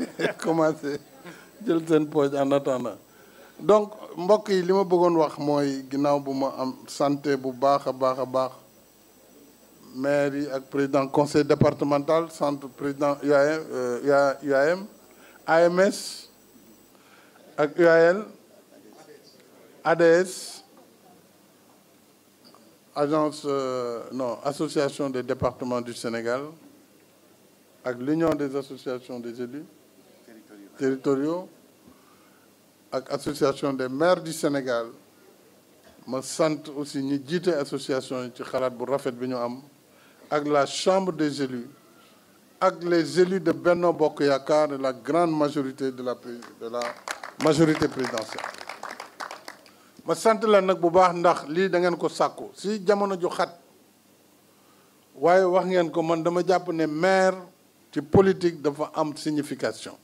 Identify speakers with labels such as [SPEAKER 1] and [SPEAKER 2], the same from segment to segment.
[SPEAKER 1] commencé jël seen poche en attendant donc mbokk yi li ma bëggoon wax mooy ginnaaw bu ma am santé bu baax a baax a baax maire yi ak président conseil départemental centre président UAM UAM euh, AMS ak UAL ADS agence euh, non association des départements du Sénégal ak l'union des associations des élus territoriaux ak association des maire du Sénégal ma sant aussi ñi jiite association yi ci xalaat bu rafet bi ñu am ak la chambre des élus ak les élus de benn Bokk Yaakaar de la grande majorité de la de la majorité présidentielle ma sant la nag bu baax ndax lii da ngeen ko sàkku si jamono ju xat waaye wax ngeen ko man dama jàpp ne maire ci politique dafa am signification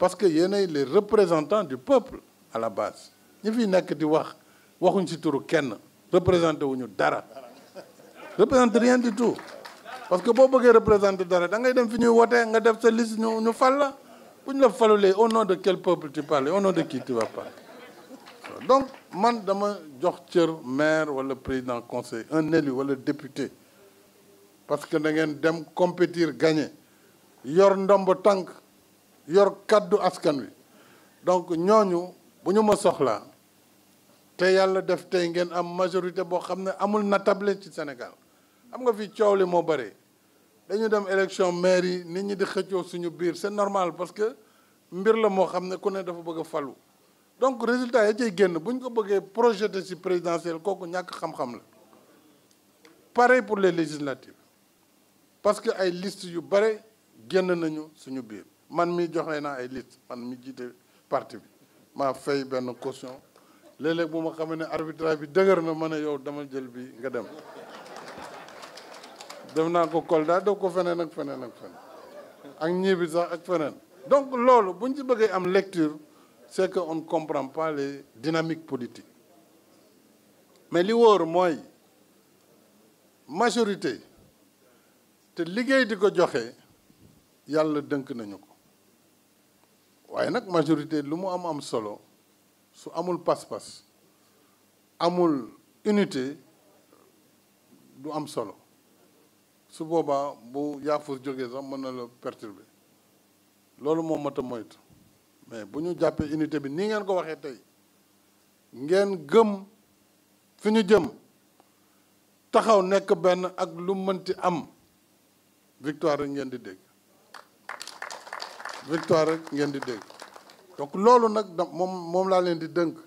[SPEAKER 1] parce que yéenay le représentants du peuple à la base ñi fi nekk di wax waxuñ ci turu kenn représenté wuñu dara représenté rien du tout parce que boo bëggee représenté dara da ngay dem fi ñuy wotee nga def sa liste ñu ñu fal la bu ñu la falulee au nom de quel peuple tu parles au nom de qui tu vas parler donc man dama jox cër maire wala président conseil un élu wala député parce que da ngeen dem compétir gagner yor ndomb tànk yor kàddu askan wi donc ñooñu bu ñu ma soxlaa te yàlla def tey ngeen am majorité boo xam ne amul natable ci Sénégal am nga fi coow li moo baree dañu dem élection maire yi nit ñi di xëccoo suñu biir c'est normal parce que mbir la moo xam ne ku ne dafa bëgg a falu donc résultat ya cay génn bu ñu ko bëggee projeté ci présidentiel kooku ñàkk xam-xam la pareil pour les législatives parce que ay liste yu bare génn nañu suñu biir man mi joxe naa ay liste man mi jiite parti bi maa fay benn caution léeg-léeg bu ma xamee ne arbitrage bi dëgër na mën a yow dama jël bi nga dem dem naa ko Kolda doo ko feneen ak feneen ak feneen ak ñibi sax ak feneen donc loolu bu ñu ci bëggee am lecture c'est que on ne comprend pas les dynamiques politiques mais li wóor mooy majorité te liggéey di ko joxe yàlla dënk nañu ko waaye nag majorité lu mu am am solo su amul pas-pas amul unité du am solo su boobaa bu yaafus jógee sax mën na la perturber loolu moom mat a moytu mais bu ñu jàppee unité bi nii ngeen ko waxee tey ngeen gëm fi ñu jëm taxaw nekk benn ak lu mënti am victoire rek ngeen di dégg victoire rek ngeen di dégg donc loolu nag moom moom laa leen di dënk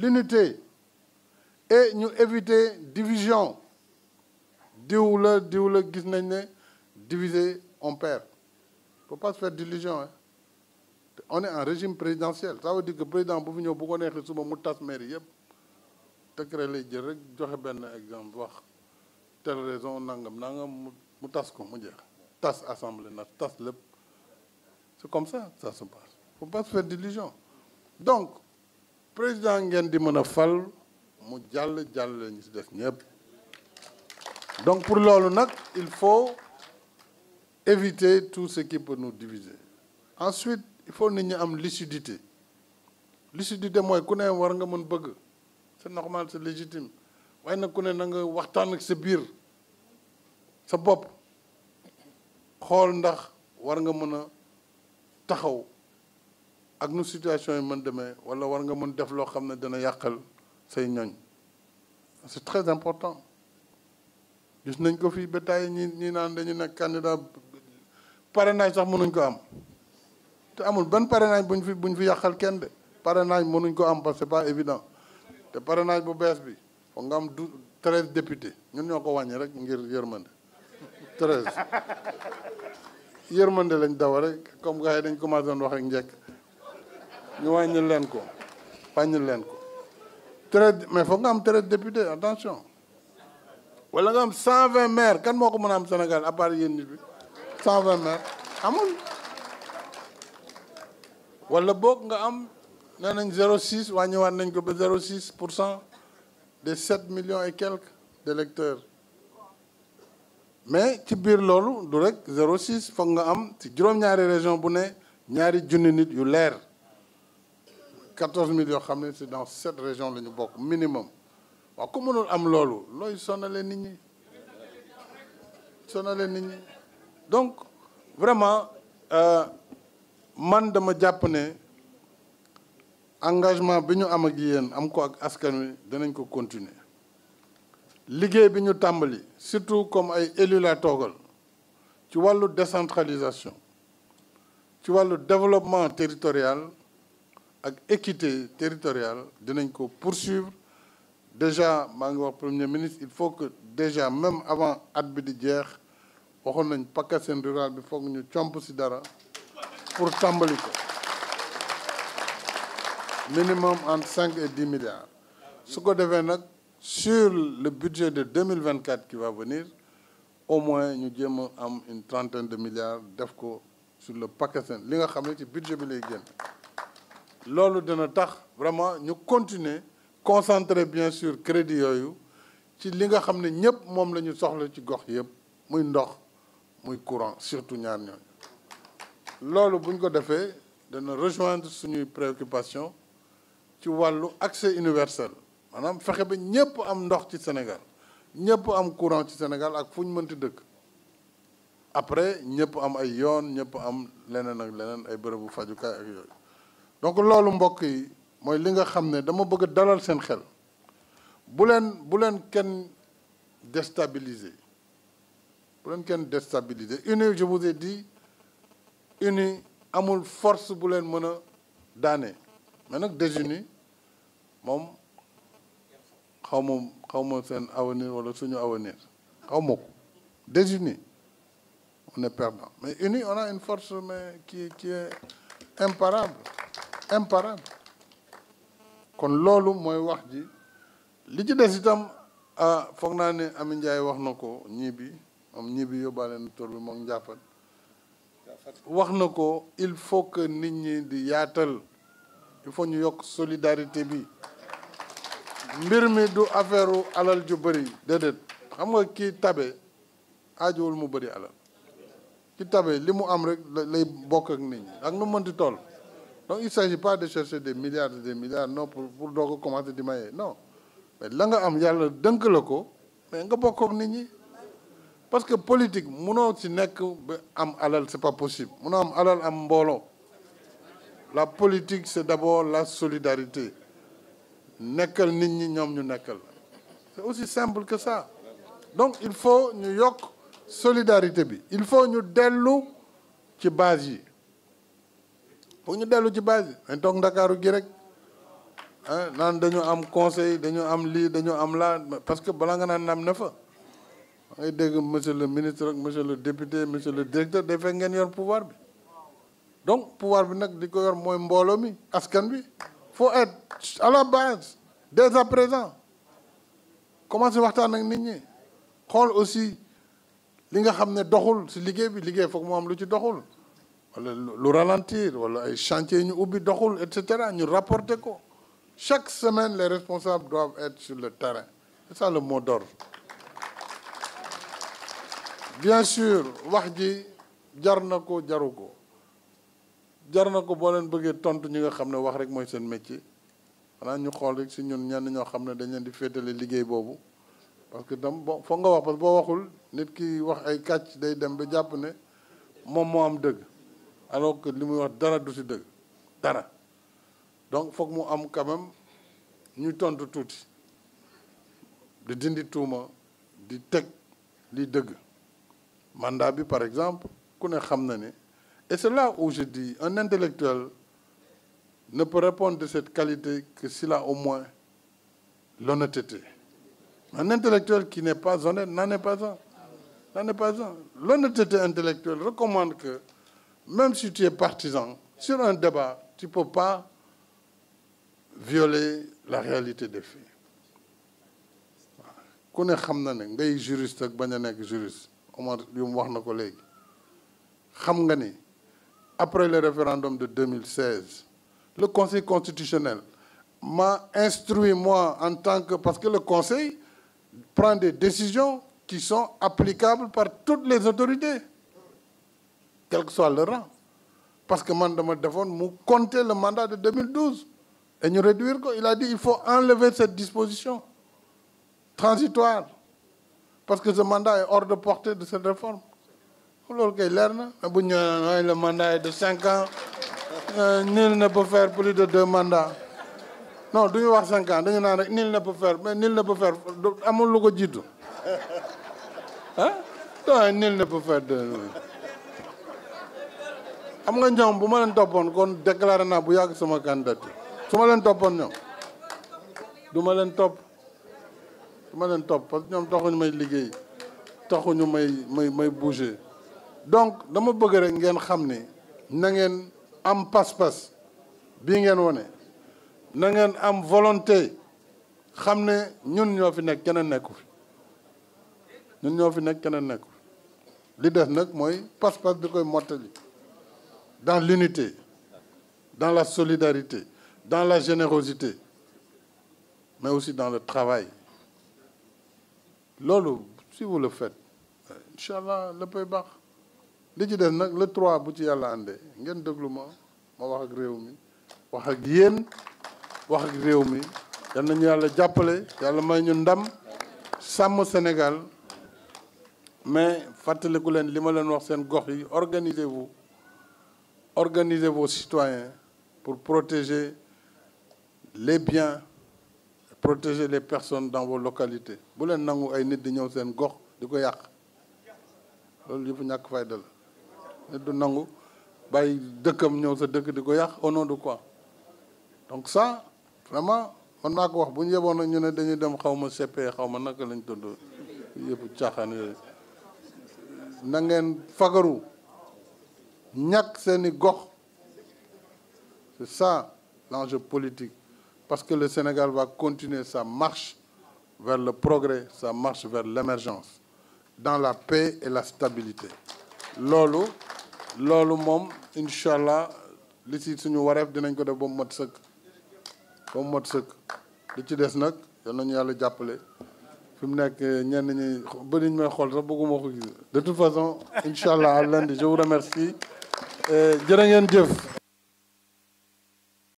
[SPEAKER 1] l'unité et ñu éviter division diw la diw la gis nañ ne diviser on perd faut pas se faire d'illusion hein on est en régime présidentiel ça veut dire que président bu fi ñëw bu ko neexee suba mu tas mairie yëpp décret lay jël rek joxe benn exemple wax telle raison nangam nangam mu tas ko mu jeex tas assemblée na tas lépp c'est comme ça ça se passe faut pas se faire donc président ngeen di mën a fal mu jàll jàll ñu si def ñëpp donc pour loolu nag il faut éviter tout ce qui peut nous diviser ensuite il faut nit ñi am lucidité lucidité mooy ku ne war nga mën bëgg c'est normal c'est légitime waaye nag ku ne na nga waxtaan ak sa biir sa bopp xool ndax war nga mën a taxaw ak nu situation yi mën demee wala war nga mën def loo xam ne dana yàqal say ñoñ c'est très important gis nañ ko fii ba tey ñi ñi naan dañu nekk pare parrainage sax mënuñ ko am te amul benn parrainage buñ fi buñ fi yàqal kenn de parrainage mënuñ ko am parce que c'est pas évident te parrainage bu bees bi foog nga am du treize députés ñun ñoo ko wàññi rek ngir yërmande treize yërmande lañ dawa rek comme gars dañ commencé doon wax ak njëkk ñu wàññil leen ko wàññil leen ko traite mais foog nga am traite député attention wala nga am cent vingt maires kan moo ko mën a am Sénégal à part yéen nit bi cent vingt maires amul wala boog nga am nee nañ zéro six wàññiwaat nañ ko ba zéro six pour cent des sept millions et quelques d'électeurs mais ci biir loolu du rek 06 foog nga am ci juróom-ñaari région bu ne ñaari junni nit yu leer 14000 yoo xam ne c'est dans sept régions la ñu bokk minimum waaw ku mënul am loolu looy sonale nit ñi sonale nit ñi donc vraiment euh, man dama jàpp ne engagement bi ñu am ak yéen am ko ak askan wi danañ ko continuer liggéey bi ñu tàmbali surtout comme ay élus laa toogal ci wàllu décentralisation ci wàllu développement territorial ak équité territorial dinañ ko poursuivre déjà maa ngi wax premier ministre il faut que déjà même avant at bi di jeex waxoon nañ PACASEN rural bi foog ñu comp ci dara pour tàmbali ko minimum entre cinq et dix milliards su ko defee nag sur le budget de 2024 qui va venir au moins ñu jéem a am une trentaine de milliards def ko sur le paquet li nga xam ne ci budget bi lay génn loolu dina tax vraiment ñu continuer concentrer bien sur crédit yooyu ci li nga xam ne ñëpp moom la ñu soxla ci gox yëpp muy ndox muy courant surtout ñaar ñooñu loolu buñ ko defee dana rejoindre suñuy préoccupation ci wàllu accès universel maanaam fexe ba ñëpp am ndox ci Sénégal ñëpp am courant ci Sénégal ak fu ñu mënti dëkk après ñëpp am ay yoon ñëpp am leneen ak leneen ay bërëbu fajukaay ak yooyu donc loolu mbokk yi mooy li nga xam ne dama bëgg dalal seen xel buleen leen bu leen kenn déstabiliser bu kenn déstabiliser uni je vous ai uni amul force bu leen mën a daane mais nag désuni moom xaw ma xaw ma seen avenir wala suñu avenir xaw ma ko désunis on est perdant mais unis on a une force mais qui qui est imparable imparable kon loolu mooy wax ji li ci des itam ah foog naa ne Ami Ndiaye wax na ko ñii bi moom ñii bi yóbbaale na tur bi moom njàppat wax na ko il faut que nit ñi di yaatal il faut ñu yokk solidarité bi mbir mi du affaire alal ju bëri déedéet xam nga kii tabe ajowul mu bëri alal ki tabe li mu am rek lay bokk ak nit ñi ak nu mënti toll donc il s'agit pas de chercher des milliards des milliards non pour pour doo ko commencer di maye non mais la nga am yàlla dënk la ko mais nga bokk ak nit ñi parce que politique munoo ci nekk ba am alal c'est pas possible munoo am alal am mbooloo la politique c'est d'abord la solidarité nekkal nit ñi ñoom ñu nekkal c'est aussi simple que ça donc il faut ñu yokk solidarité bi il faut ñu dellu ci base yi pour ñu dellu ci base yi dañ toog ndakaaru gi rek ah naan dañu am conseil dañu am lii dañu am laa parce que balaa nga naan nam ne fa ma ngay dégg monsieur le ministre ak monsieur le député monsieur le directeur day fekk ngeen yor pouvoir bi donc pouvoir bi nag di ko yor mooy mbooloo mi askan bi faut être à la base dès à présent commencé waxtaan ak nit ñi xool aussi li nga xam ne doxul si liggéey bi liggéey foog moom lu ci doxul wala lu ralentir wala ay chantier ñu ubbi doxul et cetera ñu rapporter ko chaque semaine les responsables doivent être sur le terrain c'est ça le mot d'ordre bien sûr wax ji jar na ko jaru ko jar na ko boo leen bëggee tontu ñi nga xam ne wax rek mooy seen métier xanaa ñu xool rek si ñun ñenn ñoo xam ne dañ leen di féetale liggéey boobu parce que tam bon foog nga wax parce que boo waxul nit ki wax ay kàcc day dem ba jàpp ne moom moo am dëgg alors li muy wax dara du si dëgg dara donc foog mu am quand ñu tontu tuuti di dindi tuuma di teg li dëgg mandat bi par exemple ku ne xam na ni Et c'est là où je dis, un intellectuel ne peut répondre de cette qualité que s'il a au moins l'honnêteté. Un intellectuel qui n'est pas honnête n'en est pas un. N'en est recommande que, même si tu es partisan, sur un débat, tu ne pas violer la réalité des faits. ku ne xam na ne ngay juriste ak bañ a nekk juriste Omar yu mu wax na ko léegi xam nga ni après le référendum de 2016, le Conseil constitutionnel m'a instruit, moi, en tant Parce que le Conseil prend des décisions qui sont applicables par toutes les autorités, quel que soit le rang. Parce que man dama defoon mu compter le mandat de 2012 et ñu réduire ko il a dit il faut enlever cette disposition transitoire parce que ce mandat est hors de portée de cette réforme loolu kay leer na bu ñu ñëwee le mandat est de cinq ans euh, nul ne peut faire plus de deux mandats non du ñu wax cinq ans dañu naan rek nul ne peut faire mais nul ne peut faire amul lu ko jiitu ah nga ñoom bu ma leen toppoon kon déclaré naa bu yàgg sama candidature su ma leen toppoon ñoom du leen topp du ma leen topp parce que ñoom taxuñu may liggéey taxuñu may may may bouger. donc dama bëgg rek ngeen xam ne na ngeen am pas-pas bii ngeen wone na ngeen am volonté xam ne ñun ñoo fi nekk keneen nekku fi ñun ñoo fi nekk keneen nekku fi li des nag mooy pas-pas bi koy mottali dans l'unité dans la solidarité dans la générosité mais aussi dans le travail loolu si vous le faites incha allah léppay baax li ci des nag la trois bu ci yàlla àndee ngeen déglu ma ma wax ak réew mi wax ak yéen wax ak réew mi yal nañu yàlla jàppale yàlla may ñu ndam sàmm Sénégal mais fàttaliku leen li ma leen wax seen gox yi organisez-vous organiser vos citoyens pour protéger les biens protéger les personnes dans vos localités bu leen nangu ay nit di ñëw seen gox di ko yàq loolu yëpp ñàkk fayda la du nangu bàyyi dëkkam ñëw sa dëkk di ko yàq au nom de quoi donc ça vraiment man maa wax bu ñu yeboon nag ñu ne dañuy dem xaw ma sepe xaw ma naka lañ tudd yëpp caaxaan yooyu na ngeen fagaru ñàkk seeni gox c'est ça l'enjeu politique parce que le Sénégal va continuer sa marche vers le progrès sa marche vers l'émergence dans la paix et la stabilité loolu loolu moom incha allah li ci suñu wareef dinañ ko def ba mu mot sëkk ba mu mot sëkk li ci des nag yal nañu yàlla jàppale fi mu nekk ñenn ñi bëriñ may xool sax bëgguma ko gis de toute façon incha allah à lundi je vous remercie euh, jërë ngeen jëf.